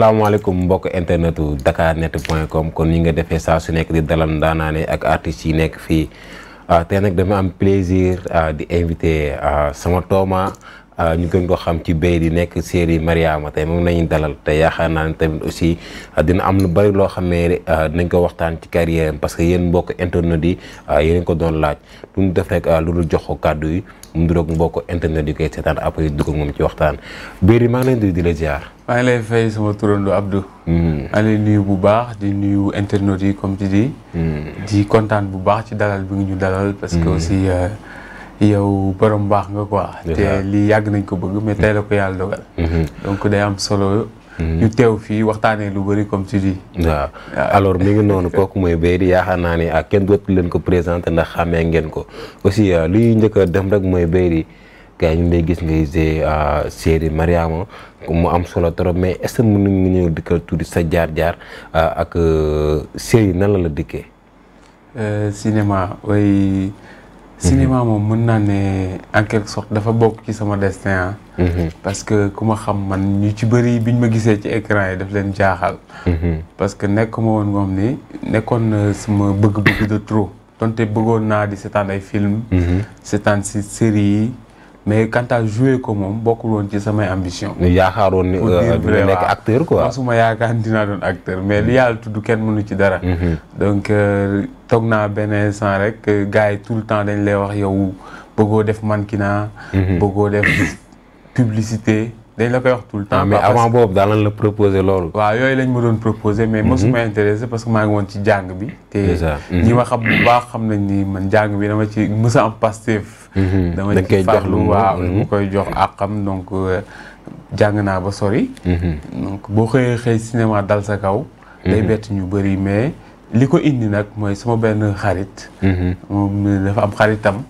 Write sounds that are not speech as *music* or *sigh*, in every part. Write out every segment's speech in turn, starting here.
salaamaaleykum mbokk internet internetu dakarnet.com kon ni nga defee saa su nekk di dalal ndaanaane ak artistes yi nekk fii ah, tey nag dama am plaisir ah, di invité ah, sama tooma Euh, ñu gën ko xam ci béy di nekk série Mariama tey moom nañu dalal te yaakaar naa ne tamit aussi euh, dina am lu bari loo xam ne dinañ euh, ko waxtaan ci carrière parce que yéen mbokk internet yi yéen ko doon laaj lu ñu def rek lu dul jox ko kàddu yi mu duroog mbokk internet yi koy seetaan après dugg moom ci waxtaan Béri maa ngi leen di di la ziar. maa ngi lay fay sama turando Abdou. Hmm. maa nuyu bu baax di nuyu internautes yi comme tu di hmm. di kontaan bu baax ci dalal bi ñu dalal. parce que hmm. aussi. yow mu baax nga quoi. te lii yàgg nañ ko bëgg mais tey la ko yàlla dogal. Mm-hmm. donc day am solo. Mm-hmm. ñu teew fii waxtaanee lu bëri comme tu dis. waaw alors mi ngi noonu *laughs* kooku mooy Beydi yaakaar naa ni ak ah, kenn dootu leen ko présenté ndax xàmmee ngeen ko aussi ah, li njëkk a dem rek mooy Beydi gars ñu ngi gis ngay gisee ah, série Mariama mu am solo trop mais est ce que mën nga ñëw dikkal tuuti sa jaar-jaar ak euh, série nan la la dikkee. Euh, cinéma cinéma moom mën naa ne en quelque sorte dafa bokk ci sama destin ah. Mhm. parce que ku ma xam man ñu ci bëri ñu ma gisee ci écran yi daf leen jaaxal. Mhm. parce que nekkuma woon moom ni nekkoon na sama bëgg-bëgg de trop tonte bëggoon naa di seetaan ay film mhm. seetaan si série yi. mais quant à ko moom bokkul woon ci samay ambition. yaakaaroon ni euh, dina nekk acteur quoi. masuma yaakaar dinaa doon acteur mais mm-hmm. li yàlla tudd kenn mënu ci dara. Mm-hmm. donc euh, toog naa beneen instant rek euh, gars yi tout le temps dañ lay wax yow bëggoo def mannequinat. Mm-hmm. bëggoo def publicité. dañ la koy wax tout le temps. Ah, mais avant boobu daan nañ la proposer loolu. waaw yooyu lañ ma doon proposer mais mosuma mhm. intéressé parce que maa ngi woon ci jàng bi. te mhm. ñi ma xam baax xam nañ ni man jàng bi dama ci mës a am Pastef. Mhm. dama ci farlu waaw dama koy jox ak xam donc euh, jàng naa ba sori. donc boo xëyee xëy cinéma dal sa kaw. day bett ñu bëri mais li ko indi nag mooy sama benn xarit. moom dafa am xaritam.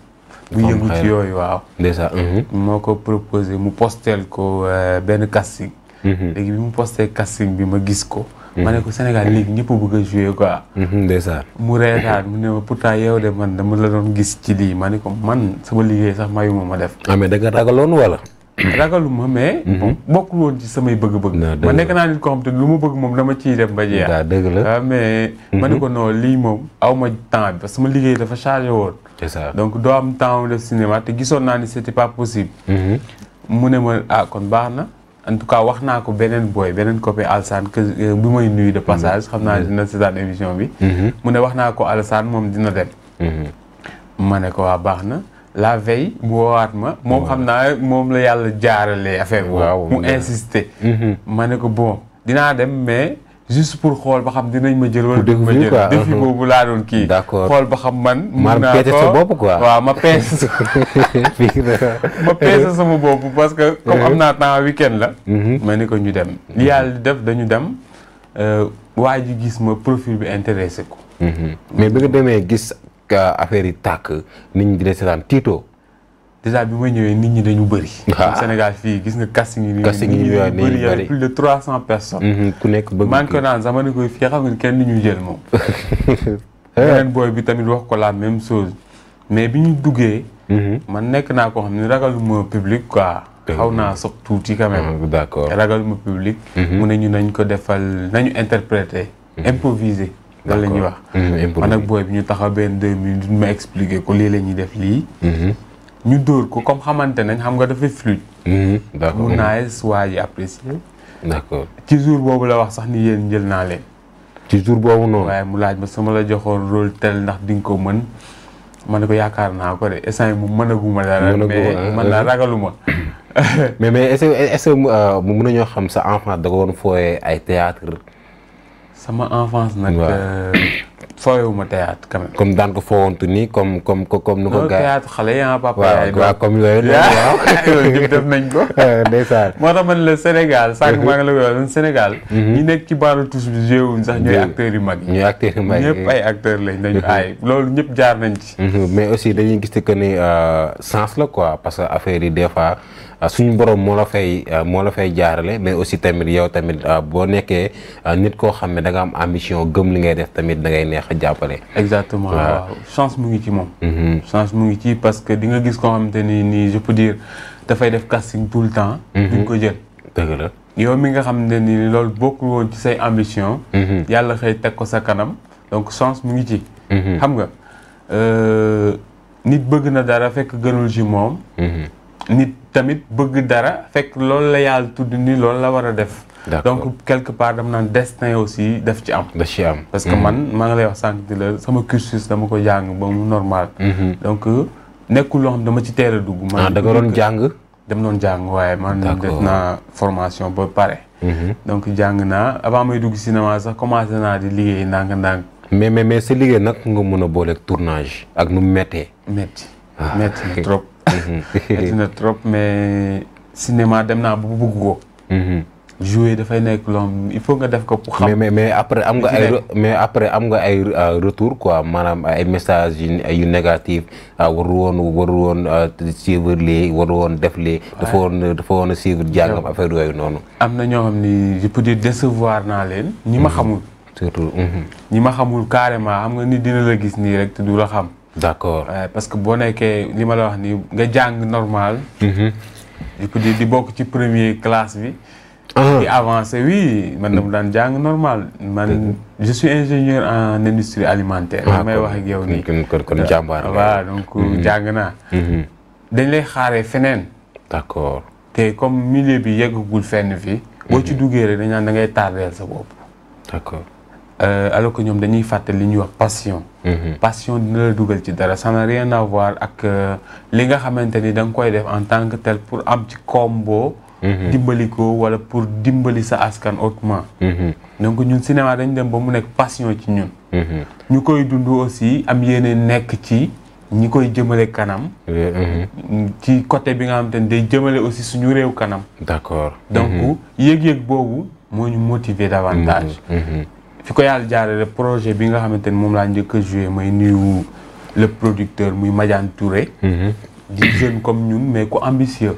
bu yëngu ci yooyu waaw. déjà. Mhm. moo ko proposé mu postel ko euh, benn casting. Mhm. léegi bi mu posté casting bi ma gis ko. Mhm. ma ne ko Sénégal léegi ñëpp bëgg a joué quoi. ndeysaan mu reetaan mu ne ma pourtant yow de man dama la doon gis ci lii ma ne ko man sama liggéey sax mayu ma ma def. ah mais da nga ragaloon wala. *coughs* ragaluma mais. Mhm. bon bokkul woon ci samay bëgg-bëgg. ma nekk naa nit koo xam lu ma bëgg moom dama ciy dem ba jeex. waaw dëgg la ah, mais. ma ne mhm. ko non lii moom aw ma temps bi parce que ma liggéey dafa chargé woon. c'est ça donc doo am temps def cinéma te gisoon naa ni c'était pas possible. Mhm. mu ne ma a ah, kon baax na. en tout cas wax naa ko beneen booy beneen copain Alsane que euh, bi may nuyu de passage xam naa dina seetaan émission bi. mu ne wax naa ko Alsane moom dina dem. ma ne ko waa ah, baax na. la veille mu woowaat ma moom xam naa moom la yàlla jaarale affaire boobu mu insister mhm. ma ne ko bon dinaa dem mais juste pour xool ba xam dinañ ma jël wala dinañ ma jël défi mhm. boobu laa doon kii xool ba xam man mun naa ko sa bopp quoi waaw ma peese *laughs* ma *laughs* sama bopp parce que comme am mhm. naa temps week la ma ne ko ñu dem li yàlla di def dañu dem euh, waa ji gis ma profil bi intéressé ko mais bi nga demee gis affaire yi tàkk nit ñi dina seetaan tiito. déjà bi ma ñëwee nit ñi dañu bëri. *laughs* waaw Sénégal fii gis nga casting yi. casting yi ñu bëri yow plus mhm, ku nekk bëgg man ko naan sama ne koy fii xam nga kenn ni ñu jël moom. *laughs* Eh. beneen booy bi tamit wax ko la même chose mais bi ñu duggee. Mhm. man nekk naa koo xam ne ragaluma public quoi. xaw naa sox tuuti quand même. Ah, d'accord ragaluma public. Mhm. mu ne ñu nañ ko defal nañu interpréter. improviser. loolu la ñuy wax. man ak booy bi ñu taxaw benn deux minutes ma expliqué ko lii la ñuy def lii. ñu dóor ko comme xamante nañ xam nga dafa fluide. d' accord mun naa yees waa ji apprécié. d' ci jour boobu la wax sax ni yéen njël naa leen. ci jour boobu noonu. waaye mu laaj ma sama la joxoon rôle tel ndax di nga ko mën. ma ne ko yaakaar naa ko de instant yi mu mënaguma dara. mais ah, man daal ah. ragaluma. *coughs* mais mais est ce que est ce que euh, mu xam sa enfance da ko woon fooyee ay théâtre sama enfance nag. fooyewuma euh, *coughs* théâtre quand même. comme daan ko foowantu nii comme comme comme nu ko. gaa théâtre xale yi ah papa yaay waaw comme yooyu *laughs* def nañ ko. *laughs* ndeysaan moo tax man Sénégal sànq mhm. maa ngi la koy wax Sénégal. Mhm. ñi nekk ci baalu tous bi joué wuñ sax ñooy acteurs yu mag yi. ñooy acteurs yu mag yi ñëpp ay acteurs lañ dañu mhm. ay loolu ñëpp jaar nañ ci. mais aussi dañuy gis que ni euh, sens la quoi parce que affaire yi des fois. Euh, suñu borom moo la fay euh, moo la fay jaarale mais aussi tamit yow tamit euh, boo nekkee nit koo xam ne da nga am ambition gëm li ngay def tamit da ngay neex a jàppale. exactement waaw chance mu ngi ci moom. Mm-hmm. chance mu ngi ci parce que di nga gis koo xamante ni nii je peux dire dafay def casting tout le temps. Mm-hmm. duñ ko jël. dëgg la yow mi nga xam ne nii loolu bokk woon ci say ambition. Mm-hmm. yàlla xëy teg ko sa kanam donc chance mu ngi ci. xam nga nit bëgg na dara fekk gënul ci moom. nit tamit bëgg dara fekk loolu la yàlla tudd ni loolu la war a def. donc quelque part dama naan destin aussi def ci am. daf ci am parce que mhm. man maa ngi lay wax sànq di la sama cursus dama ko jàng ba mu normal. Mhm. donc nekkul loo xam dama ci teel a dugg. man ah, da nga doon jàng. dem doon jàng waaye man def naa formation ba pare. Mhm. donc jàng naa avant may dugg cinéma sax commencé naa di liggéey ndànk-ndànk. mais mais mais sa liggéey nag nga mun a booleeg tournage ak nu mu méttee. métti ah, métti trop. metti mm-hmm. na trop mais cinéma dem naa bu bëgg ko. Mm-hmm. jouer dafay nekk loom il faut nga def ko pour xam. mais mais après am nga ay mais après am nga ay euh, retour quoi maanaam ay messages yu négatif euh, waru woon waru woon euh, suivre woon def lii. dafa woon dafa woon a suivre jàngam affaire yooyu noonu. am na ñoo xam ni je peux ñi ma mm-hmm. xamul. surtout. ñi ma xamul carrément xam nga ni dina la gis nii rek te du la xam. d'accord parce que boo nekkee li ma la wax nii nga jàng normal. di mhm. di di bokk ci premier classe bi. Ah. di avancé oui man dama mm. daan jàng normal man je suis ingénieur en industrie alimentaire. ah may wax ak yow nii kon kon jàmbaar waaw donc mhm. jàng naa. Mhm. dañ lay xaare feneen. d'accord te comme milieu bi yeggagul fenn fii. boo ci duggee rek dañ naan da ngay tardeel sa bopp. Euh, alors que ñoom dañuy fàtte li ñuy wax passion. Mhm. passion dina la dugal ci dara ça n'a rien à ak euh, li nga xamante ni da nga koy def en tant que tel pour am ci combo. Mhm. dimbali ko wala pour dimbali sa askan autrement. Mhm. donc ñun cinéma dañ dem ba mu nekk passion ci ñun. ñu koy dund aussi am yeneen nekk ci ñi koy jëmale kanam. ci côté bi nga xamante ni day jëmale aussi suñu réew kanam. d'accord donc yëg-yëg boobu moo ñu motiver davantage. fi ko yàlla jaarale projet bi nga xamante ni moom laa njëkk a joué may nuyu le producteur muy Madiane Touré. Mhm. di jeune comme ñun mais ku ambitieux.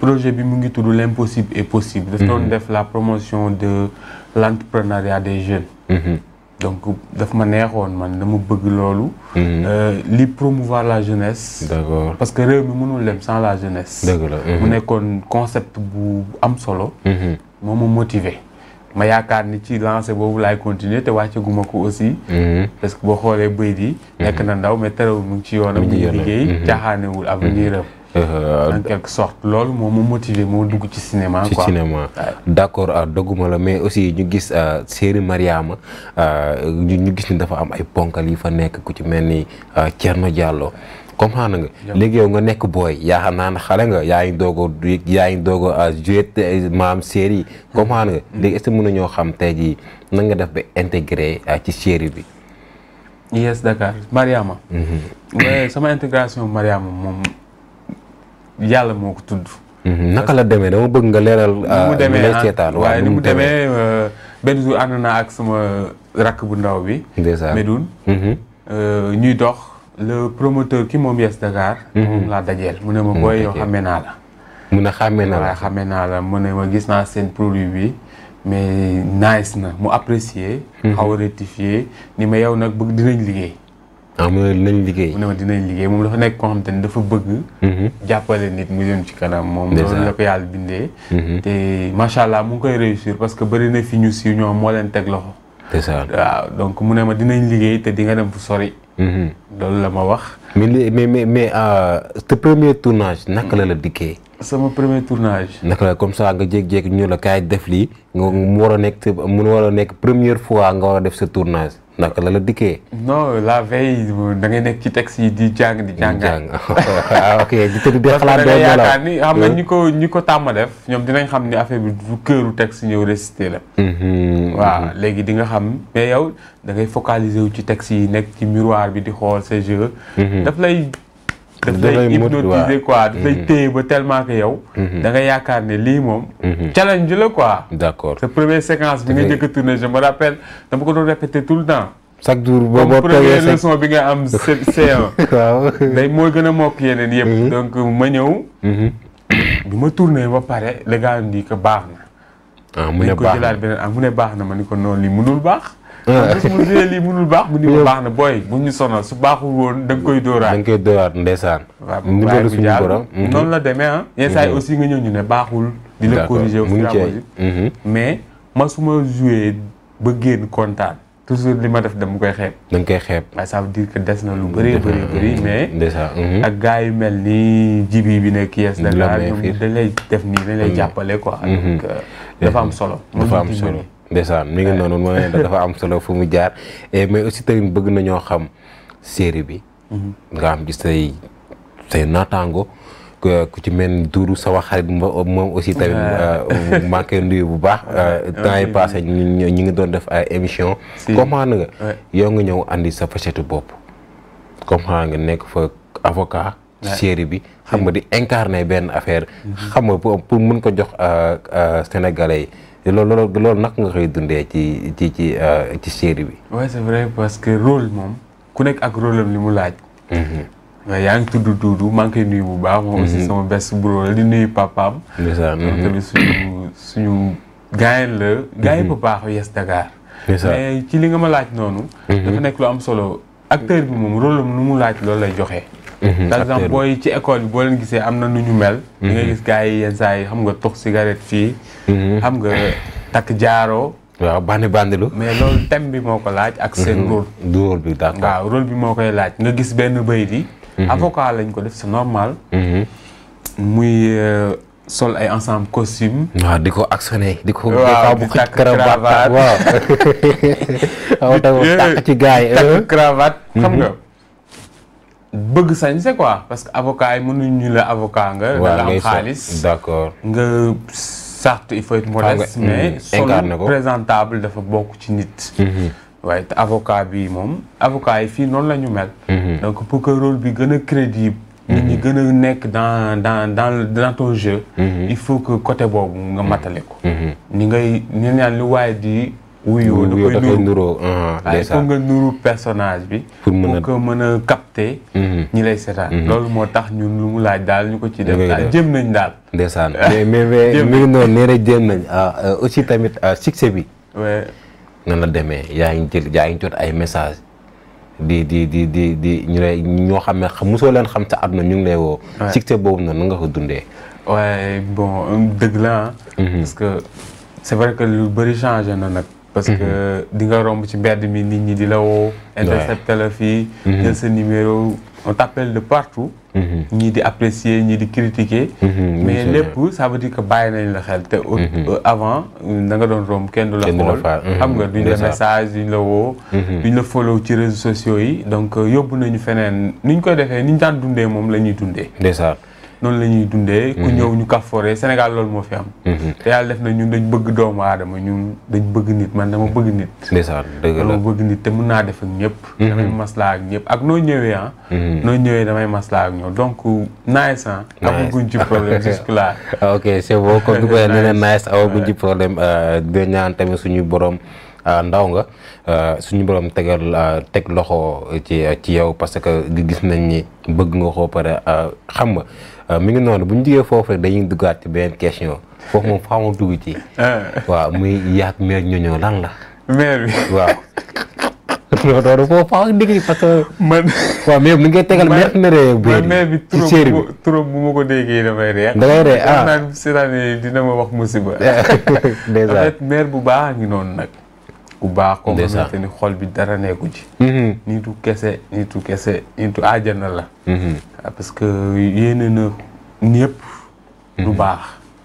projet bi mu ngi tudd l' impossible est possible. daf doon mhm. def la promotion de l' entrepreneuriat des jeunes. Mhm. donc dafa ma neexoon man dama bëgg loolu. Euh, li promouvoir la jeunesse. d'accord parce que réew mi mënul dem sans la jeunesse. dëgg mu nekkoon concept bu am solo. moo ma motiver. ma yaakaar ni ci lancé boobu laay continuer te wàcceguma ko aussi. Mhm. parce que boo xoolee bëy di. nekk na ndaw mais terewul mu ci yoonam. mu ngi liggéey mhm. caaxaanewul avenir mhm. am. Euh, en quelque sorte loolu moo ma motivé moo dugg ci cinéma quoi ci cinéma d' accord ah, dogguma la mais aussi ñu gis euh, série Mariama euh, ñu gis ni dafa am ay ponkal yi fa nekk ku ci mel ni Thierno Diallo. comprendre nga léegi yow nga nekk booy yaa xam naa xale nga yaa ngi doog a yaa ngi doog a ah, maam série mm-hmm. comprendre nga mm-hmm. léegi est-ce que na ñoo xam tey jii nan nga def ba intégré ah, ci série bi yes Dakar Mariama mm-hmm. sama intégration Mariama moom yàlla moo ko tudd naka la demee dama bëgg nga leeral ah, demee seetaan waaye ni mu demee euh, benn jour ànd naa ak sama rakk bu ndaw bi Medoun euh, ñuy dox le promoteur ki moom Yes Dakar. Mhm. moom laa dajeel mu ne ma mhm, booy yoo xamee naa la. mu ne xàmmee naa la xàmmee naa la mu ne ma gis naa seen produit bi mais nice na mu apprécier. Mhm. xaw a rectifier ni ma yow nag bëgg dinañ liggéey. ah mu ne dinañ liggéey. ma dinañ liggéey moom dafa nekk koo xam te ne dafa bëgg. jàppale nit mu jëm ci kanam. moom loolu la ko yàlla bindee. te macha allah mu ngi koy réussir parce que bari na fi ñu si ñoom moo leen teg loxo. waaw donc mu ne ma dinañ liggéey te di nga dem fu sori. Mhm. loolu la ma wax. mais mais mais mais te euh, premier tournage naka la la dikkee. sama premier tournage. naka la comme ça nga jékki-jékki ñu la kaay def lii nga mu war a nekk mu war a nekk première fois nga war a def sa tournage. naka la la dikkee. non la veille da ngay nekk ci texte yi di jàng di jàngaan. *laughs* Ah, ok di tëdd di xalaat doo yaakaar ni xam nga euh. ñi ko ñi ko tàmm def ñoom dinañ xam ni affaire bi du këru texte ñëw récité la. Mhm, waaw mhm. léegi di nga xam mais yow da ngay focaliser wu ci texte yi nekk ci miroir bi di xool ces mhm. daf lay dafay hypnotiser quoi dafay mm-hmm. téye ba tellement que yow. Mm-hmm. da yaakaar ne lii moom. Mm-hmm. challenge la quoi. d' accord sa premier séquence bi nga njëkk a tourné je me rappelle dama ko doon répéter tout le temps. chaque jour boo boo première leçon bi nga am C1. *laughs* waaw day mooy gën a mokk yeneen yëpp. donc ma ñëw. bi ma tourné ba pare le gars yi mu baax na. ah mu ne baax na ko jëlaat beneen ah baax na ma ni ko noonu lii mu mënul baax. bés mu baax bu ni ma baax na booy bu ñu sonal su baaxul woon da koy dóoraat da nga koy dóoraat ndeysaan ndimbalu suñu la demee ah yi mhm. aussi nga ñëw ñu ne baaxul di la corriger au fur et à mesure mhm. mais ma suma ma ba génn kontaan toujours li ma def dem mu koy xeeb danga koy xeeb waaye ça veut dire que des na lu bëri bëri mais ndeysaan mhm. ak gars yu mel ni jibi bi nekk yees Dakar ñoom dañ lay def nii dañ jàppale quoi donc solo dafa am solo ndeysaan mi ngi noonu moo ne dafa am solo fu mu jaar eh, mais aussi tamit bëgg ñoo xam séeri bi mhm. nga am ci say say naataango ku ci mel duuru sama xarit moom aussi tamit euh, manqué nduyu bu baax euh, temps yi passé ñu ngi doon def ay émission comprendre nga yow nga ñëw andi sa facette bopp comprendre nga nekk fa avocat série bi xam nga di incarner benn affaire mhm. xam nga pour mën ko jox euh, sénégalais yi loolu loolu loolu naka nga koy dundee ci ci ci euh, ci série bi. waaw c'est vrai parce que rôle moom ku nekk ak rôle am li mu laaj. waaw mm-hmm. yaa ngi tudd Doudou maa ngi koy nuyu bu baax. moom aussi mm-hmm. sama best bro la di nuyu papaam. ndeysaan mm-hmm. tamit suñu suñu gaayen la. bu baax yes Dakar. ci li nga ma laaj noonu. dafa nekk lu am solo acteur bi moom rôle am lu mu laaj loolu lay joxe. Mhm. par exemple booy ci école bi boo leen gisee am na nu ñu mel. Mhm. di nga gis gars yi yenn saa yi xam nga tox cigarette fii. Mhm. xam nga takk jaaro waaw bandi bandi mais loolu thème bi moo ko laaj. ak seen rôle. du bi d'accord waaw bi moo koy laaj nga gis benn bayit yi. avocat lañ ko def c'est normal. muy euh, sol ay ensemble costume. waaw di ko actionné. di ko bu takk cravate xam nga. bëgg sañse quoi parce que avocat yi mënuñu la avocat nga. waaw nga am xaalis d'accord nga certes il faut être modeste. Hmm, mais solo présentable dafa bokk ci nit. waaye hmm, hmm. te avocat bi moom avocat yi fii noonu la ñu mel. donc pour que role bi gën a crédible. nit ñi gën a nekk dans dans dans dans ton il faut que côté boobu nga matale ko. ni ngay ni naan lu di. wuyoo da koy nuru nuroo uh-huh, personnage bi pour mën a ko mën a capter mm-hmm. ñi lay seetaan mm-hmm. loolu moo tax ñu lu mu laaj daal ñu ko ci def daal nañ daal ndeysaan *laughs* mais mais mi ngi noonu nee na jëm nañ ah, euh, aussi tamit ah, succès bi nan la demee yaa ngi jël yaa jot ay message di di di di di ñu lay ñoo xam ne mosoo leen xam sa na ñu ngi lay woo succès boobu noonu na nga ko dundee waaye bon dëgg la mm-hmm. parce que c'est vrai que lu bëri changé na nag parce que mhm. di nga romb ci mbedd mi nit ñi di la woo. intercepté la fii. Mhm. jël sa numéro on t'appelle de partout. Mhm. ñii di apprécier ñii di critiquer. mais lépp ça veut dire que bàyyi nañ la xel te. Euh, avant da nga doon romb kenn du la xool. xam nga duñ la message duñ la woo. duñ la follow ci réseaux sociaux yi donc euh, yóbbu nañu feneen ni ñu koy defee ni ñu daan dundee moom la ñuy dundee. noonu la ñuy dundee. ku mhm. ñëw ñu kafforee Sénégal loolu moo fi am. Mhm. te yàlla def na ñun dañ bëgg doomu aadama ñun dañ bëgg nit man dama bëgg nit. ndeysaan dëgg la dama bëgg nit te mun naa def ak ñëpp. Mhm. damay maslaa ak ñëpp ak noo ñëwee ah. noo ñëwee damay maslaa ak ñoom donc nice ah. amaguñ ci problème *laughs* jusque là. ok comme ni ko waxee nee na nice amaguñ ci problème euh, di ñaan tamit suñu boroom Euh, ndaw nga euh, suñu borom tegal euh, teg loxo ci ci yow parce que gis nañ ni bëgg nga ko pare xam nga mi ngi noonu bu ñu jigee foofu rek dañuy duggaat ci beneen question foofu moom faaw ma dugg ci. *laughs* waaw muy yaag meer ñoñoo lan la. meer bi waaw. *laughs* non non foofu faaw dégg parce que. *laughs* tegal meer na ree bu ma ko déggee damay ree. damay ah. meer bu baax ngi noonu nag. ku baax koo xamante ni xol bi dara nekku ci mm-hmm. nitu kese nitu kese nitu ajana la mm-hmm. parce que yéene na ñëpp lu mm-hmm. baax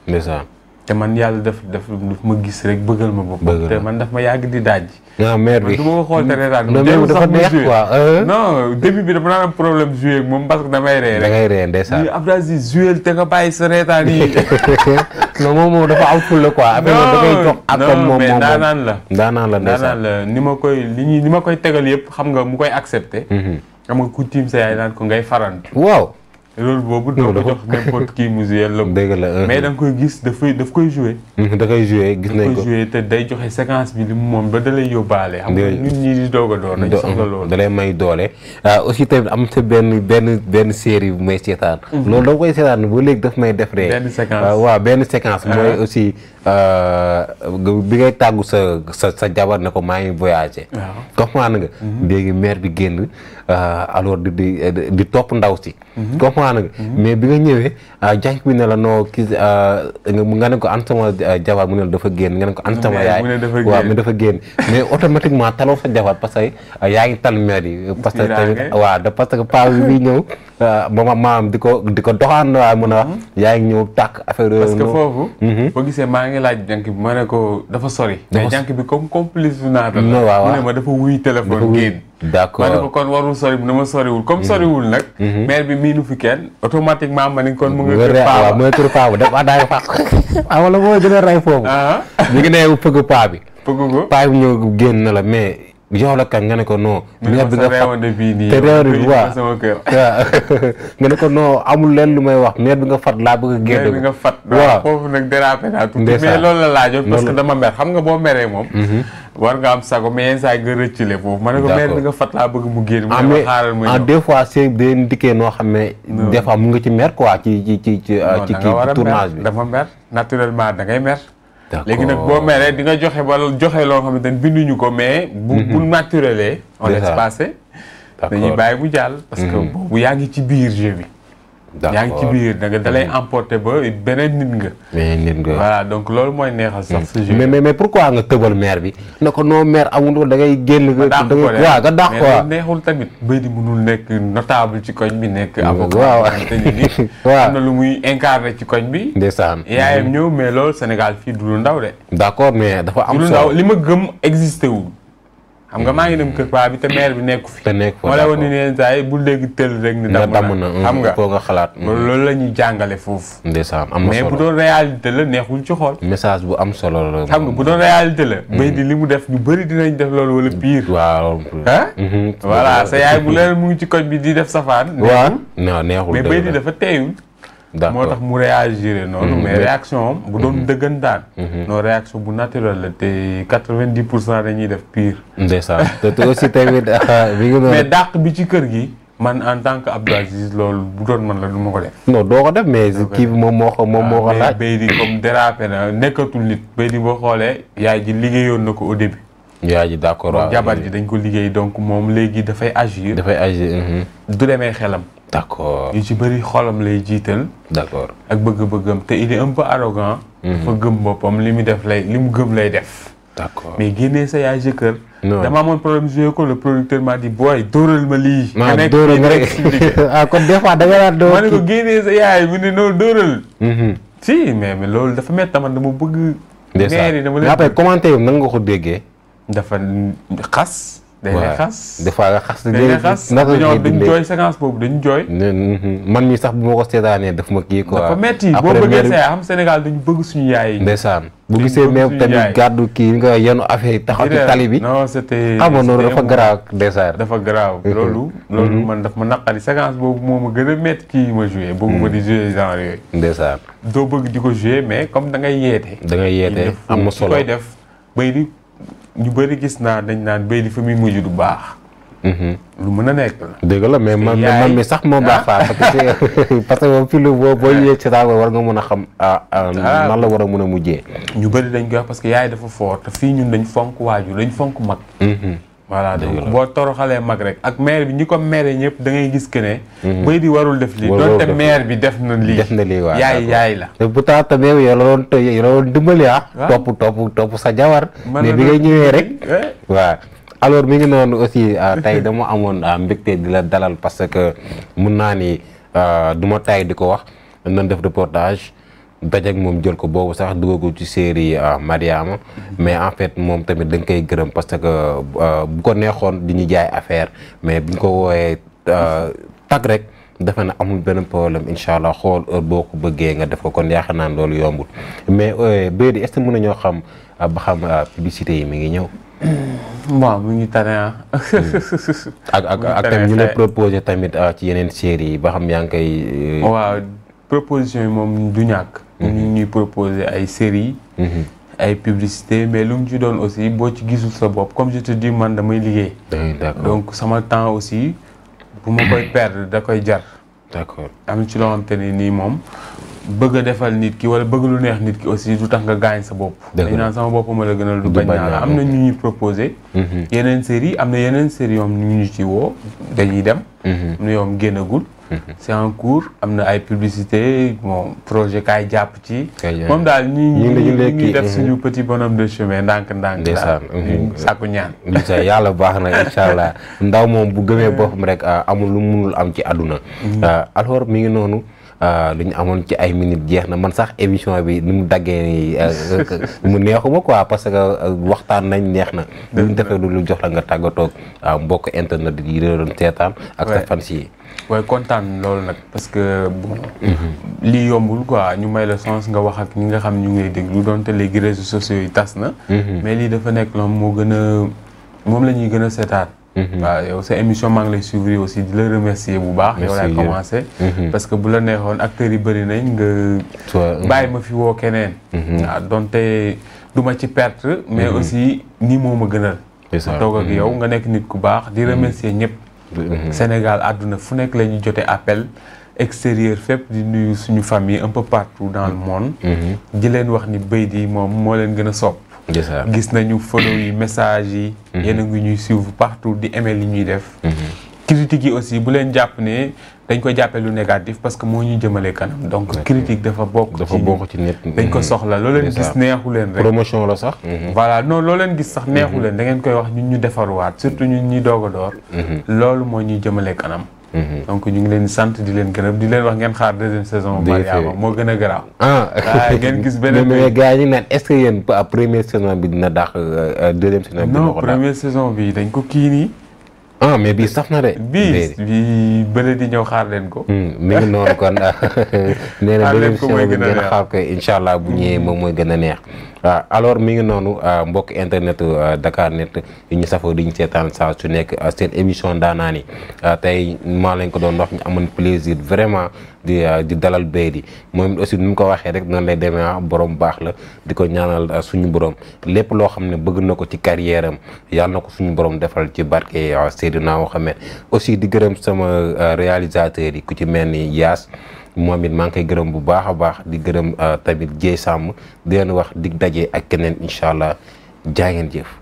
ndeysaan te man yàlla daf daf ma gis rek bëggal ma boppam te man daf ma yàgg di daaj. ah mère bi du ma ko xool te reetaan. dafa neex quoi non début bi dafa naan am problème joué ak moom parce que damay ngay ree ndeysaan ñu Abdelaziz joué te nga bàyyi sa reetaan yi. *laughs* dafa am ful ko quoi. après moom da koy jox moom moom mais la. daanaan la daanaan ni ma koy li ñuy ni ma koy tegal yëpp xam nga mu koy accepté. Mhm. xam nga ku tiim sa yaay naan ko ngay faran. waaw. rôle boobu doo ko jox n'importe qui musuel *laughs* la dëgg euh. la mais da nga koy gis daf koy daf koy joué da koy joué gis nañ ko day joxe séquence bi moom ba da lay yóbbaale xam nga ñun ñii di doog a door nañ soxla loolu da lay may doole ah, aussi tamit am te benn benn benn série bu may seetaan mhm. loolu dama koy seetaan ba léegi daf may defre ree benn séquence ah, waaw benn séquence ah. mooy aussi bi ngay tàggu sa sa sa jabar ne ko maa ngi voyagé comprendre nga mhm. léegi bi génn Euh, alors di eh, di di topp ndaw si. Mhm. comprendre nga. Mhm. mais bi nga a euh, jaay bi ne la noo kii euh, nga ne ko an a jabar mu ne la dafa génn nga ne ko an sama yaay. waaw mu dafa génn mais automatiquement taloo sa jabar parce que yaa ngi tal mère yi. parce que da parce que di ko doxaan waaye mën a mhm. ma dafa sori. dafa wuy téléphone génn. d'accord ma kon warul sori na ma soriwul comme mhm. soriwul nag. Mhm. maire bi miinu fi kenn automatiquement ma ne kon mu nga. kër paa waaw mu nga kër paa def addaay paa ah wala moo gën a rey foofu. Ah. ñu ngi ne fëgg paa bi. fëgg ko paa génn na la mais. yow la kañ nga ne ko non. neef bi nga fàtt te réew bi *laughs* ne ko non amul leen lu may wax neef bi nga fat laa bëgg a génn. bi nga fat waaw foofu nag dérapé naa tuuti mais loolu la dama mer xam nga boo meree moom. Mhm. war nga am sago mais yenn saa yi ma nga fat bëgg mu génn. mu ne ah, xaaral ah, fois c'est day noo xam ne. des fois mu nga ci meer quoi ci ci ci ci ci tournage bi. dama mer naturellement da ngay mer. léegi nag boo meree di nga joxe ba joxe loo xamante ne binduñu ko mais. bu mhm. bu naturelé. on laisse passer. dañuy bàyyi bu jàll. parce que mhm. boobu yaa ngi ci biir jeu bi. yaa ngi ci biir da nga dalay emporter ba beneen nit nga. beneen nit nga voilà donc loolu mooy neexal sax. Hmm. sa mais mais mais pourquoi nga tëbal maire bi ne ko non maire amul da ngay génn. nga dàq ko waaw nga dàq ko waaw neexul tamit. bay di mënul nekk notable ci koñ bi nekk. Hmm, avocat waaw *laughs* waaw am na lu muy incarné ci koñ bi. ndeysaan yaayam hmm. ñëw mais loolu Sénégal fii du lu ndaw de. d' accord mais dafa am solo lu ndaw li ma gëm existé wul. xam nga maa ngi dem kër paa bi te maire bi nekku fi. te nekk moo la woon ni leen saa yi bul dégg tël rek. na xam nga foo nga xalaat. Mm. loolu la ñuy jàngale foofu. ndeysaan am na solo mais bu doon réalité la neexul ci xool. message bu am solo la. xam nga bu doon réalité la. mbay mm. di li mu def ñu bëri dinañ def loolu wala pire. waaw ah. sa yaay bu leen mu ngi ci koñ bi di def safaan. waaw non neexul mais mbay di dafa teeyul. moo tax mu réagir noonu mm-hmm. mais réaction bu doon mm-hmm. dëggantaan mm-hmm. non réaction bu naturelle la te quatre vingt dix pour cent dañuy def pire ndeysaan *laughs* te aussi tamit bi *laughs* ah, nga mais dàq bi ci kër gi man en tant que Abdou Aziz loolu bu doon man la du ma ko def doo ko def mais kii bi moom moo ko moom moo ko ah, laaj Beydi comme dérapé na nekkatul nit Beydi boo xoolee yaay ji liggéeyoon na ko au début yaay ji d'accord jabar ji dañ ko liggéey donc moom léegi dafay agir dafay agir du demee xelam d' accord yu ci bëri xolam lay jiital. d' accord ak bëgg-bëggam te il est un mhm. fa gëm boppam li mu def lay li mu gëm lay def. d' accord mais génnee sa yaay jëkkër. dama amoon problème joué ko le producteur m'a dit booy dóoral ma lii. ma dóoral ma rek *laughs* ah kon des fois da nga daan dóor. ma ne mu ne noonu dóoral. Mhm. si mais mais loolu dafa métti tamit dama bëgg. des fois mais après commentaire nga ko déggee. dafa xas. dañ lay xas des fois nga xas. dañ lay jooy séquence man mi sax bu ma ko seetaanee daf ma kii quoi. dafa metti boo bëggee say xam Sénégal dañu bëgg suñu yaay yi. ndeysaan gisee mais tamit gàddu kii nga yenu affaire yi taxaw ci tali bi. non c'était amoon ah, noonu dafa garaaw ndeysaan. dafa garaaw loolu. loolu mhm. man daf ma naqari séquence boobu moo ma gën a metti kii ma joué. bëggu ma di mhm. joué genre yooyu. ndeysaan doo bëgg di ko joué mais comme da ngay yeete. da ngay yeete am ma solo def bay di ñu bëri gis naa dañ naan béy di muy mujj du baax. Mhm. lu mën a nekk la. dëgg la mais man man mi sax moo baax faa parce que moom fii lu boo boo yëgee ci taaw war nga mën a xam. Ah, ah, ah. nan la war a mun a mujjee. ñu bëri dañ koy parce que yaay dafa fort te fii ñun dañ fonk waajur dañ fonk mag. Mhm. voilà donc boo toroxalee mag rek ak maire bi ñi ko maire ñëpp da ngay gis que ne. Mhm. bëy di warul def lii donte maire bi def na lii. def na lii waaw yaay yaay la. bu tax tamit yow la doon yow la doon ah. topp topp topp sa jawar. mais bi ngay ñëwee rek. Eh. waa alors mi ngi noonu aussi ah, *laughs* tey dama amoon ah, mbégte di la dalal parce que mun naa ni du ma tay di ko wax nan def reportage. dajeeg moom jël ko boobu sax duggagu ci série euh, Mariama mm-hmm. mais en fait moom tamit dañ koy gërëm parce que euh, bu ko neexoon di ñu jaay affaire mais bu ñu ko wooyee euh, tag rek dafa na amul benn problème incha allah xool boo ko bëggee nga def ko kon yaakaar naa loolu yombul mais Bady est-ce mun na nañoo xam ba xam publicité yi mi ngi ñëw. *coughs* waaw mu ngi tane ah. Mm. ak ak *laughs* ak tamit ñu lay proposé tamit ci yeneen série yi ba xam yaa ngi koy. waaw proposition yi moom du ñàkk. ñu mhm. ñuy proposer ay séries. Mhm. ay publicité mais lu mu ci doon aussi boo ci gisul sa bopp comme je te dis man damay liggéey. donc sama temps aussi bu ma koy perdre da koy jar. d'accord am ci loo xamante ni nii moom bëgg a defal nit ki wala bëgg lu neex nit ki aussi du tax nga gaañ sa bopp. dañ naan sama bopp ma la gënal du bañ naa la am na ñu ñuy proposé. Mhm. yeneen série am na yeneen série yoom ñu ñu ci woo dañuy dem. am na yoom génnagul. c'est en cours am na ay publicité bon projet kaay jàpp ci. moom daal ñi ñu ngi ñu def suñu mhm. petit bonhomme de chemin ndànk ndànk. ndeysaan sàkku ñaan. incha *laughs* yàlla baax na incha allah ndaw moom bu gëmee boppam rek ah, amul lu munul am ci àdduna. Mhm. Ah, alxor mi ngi noonu. Euh, li ñu amoon ci ay minutes jeex na man sax émission bi ni mu daggee nii euh, mu neexuma quoi parce que euh, waxtaan nañ neex na. lu ñu defee lu jox la nga tàggatoog mbokk internet yi la doon seetaan. ak sa fans waaye kontaan loolu nag parce que mm-hmm. lii yombul quoi ñu may la chance nga wax ak ñi nga xam ñu ngi lay déglu donte léegi réseaux sociaux yi tas na. Mm-hmm. mais lii dafa nekk loolu moo gën a moom la ñuy gën a seetaan. Mm-hmm. waa yow sa émission maa ngi lay aussi di la remercier bu baax. yow laay commencé. Mm-hmm. parce que bu la neexoon acteurs yi bëri nañ nga. Mm-hmm. bàyyi ma fi woo keneen. donte du ma ci perte. mais aussi nii moo a gënal. toog ak yow nga nekk nit ku baax di remercier ñëpp. Sénégal àdduna fu nekk la ñu jotee appel. extérieur fépp di nuyu suñu famille un peu partout dans le monde. di leen wax ni Beydi moom moo leen gën a sopp gis nañu follow yi message yi. Mm-hmm. yéen a ngi ñuy suivre partout di aimer li ñuy def. Mm-hmm. critique yi aussi bu leen jàpp ne dañ ko jàppee lu négatif parce que moo ñuy jëmale kanam. donc critique dafa bokk ci dafa bokk ci nit. dañ ko soxla loo leen gis neexu leen rek. promotion la sax. Mm-hmm. voilà non loo leen gis sax neexu leen da ngeen koy wax ñun ñu defaruwaat surtout ñun ñuy doog a door. loolu moo ñuy jëmale kanam. Mhm. donc ñu ngi leen sant di leen a di leen wax ngeen xaar deuxième saison. Mariama moo gën a garaaw. ah ngeen gis beneen bi mais gars yi naan est-ce que yéen saison bi dina dàq euh, euh, deuxième saison bi. dina ko dàq saison bi dañ ko kii nii. ah mais bii saf na de. bii bii bële di ñëw xaar leen ko. Hmm, mi ngi noonu kon *laughs* nee na beneen incha allah bu ñëwee moom mooy gën a neex. waaw ah, alors mi ngi noonu ah, mbokk internet ah, Dakar net ñu safoo di ñu seetaan saa su nekk seen émission daan naa tey maa lañ ko doon wax ñu amoon plaisir vraiment. di euh, di dalal béy di moom aussi ni mu ko waxee rek noonu lay demee ah, borom baax la di ko ñaanal euh, suñu borom lépp loo xam ne bëgg na ko ci carrière am na ko suñu borom defal ci barke naa euh, Seydina Mohamed aussi di gërëm sama réalisateur yi ku ci mel nii Yaas. moom it maa ngi koy gërëm bu baax a baax di gërëm tamit Dieye sàmm di leen wax dig daje ak keneen incha allah jaa ngeen